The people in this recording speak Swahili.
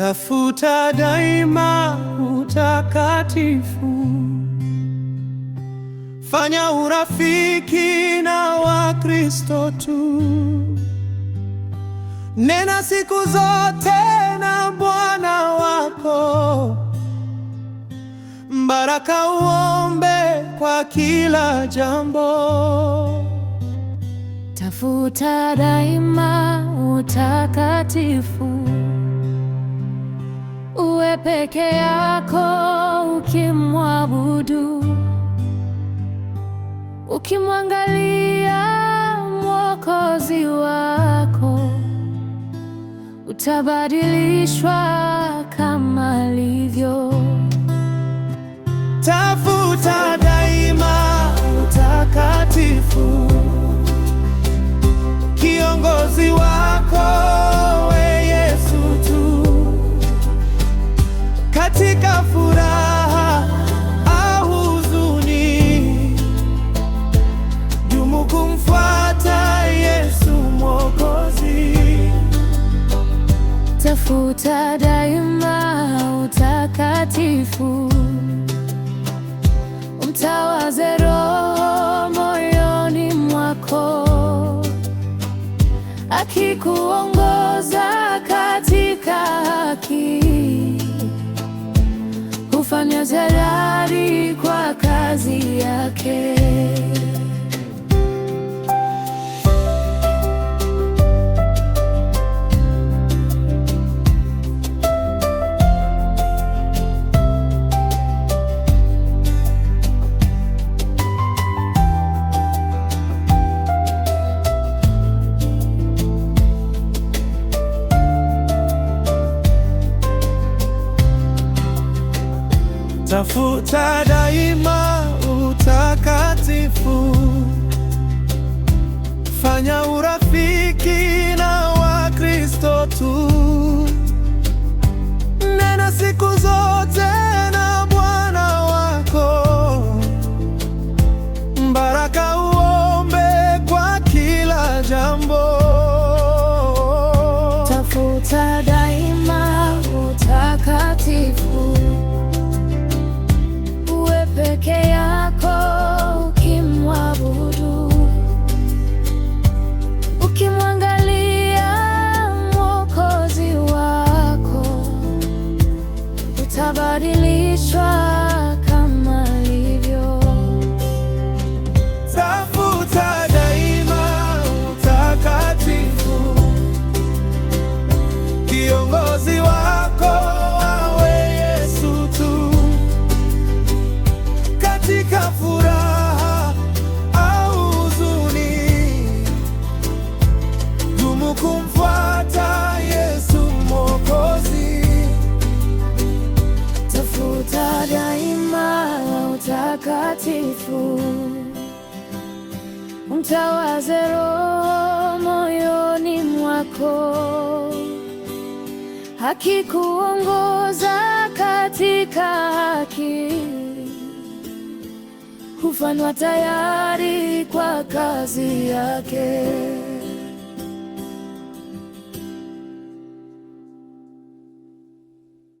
tafuta daima utakatifu, fanya urafiki na Wakristo tu, nena siku zote na Bwana wako, baraka uombe kwa kila jambo. Tafuta daima utakatifu peke yako ukimwabudu, ukimwangalia Mwokozi wako utabadilishwa. katika furaha au huzuni, jumu kumfuata Yesu Mwokozi. Tafuta daima utakatifu, umtawaze Roho moyoni mwako akikuongoza Fanya zarari kwa kazi yake. tafuta daima utakatifu, fanya urafiki na Wakristo tu, nena siku zote na Bwana wako, baraka uombe kwa kila jambo, tafuta mtakatifu, mtawaze Roho moyoni mwako, akikuongoza katika haki, hufanywa tayari kwa kazi yake.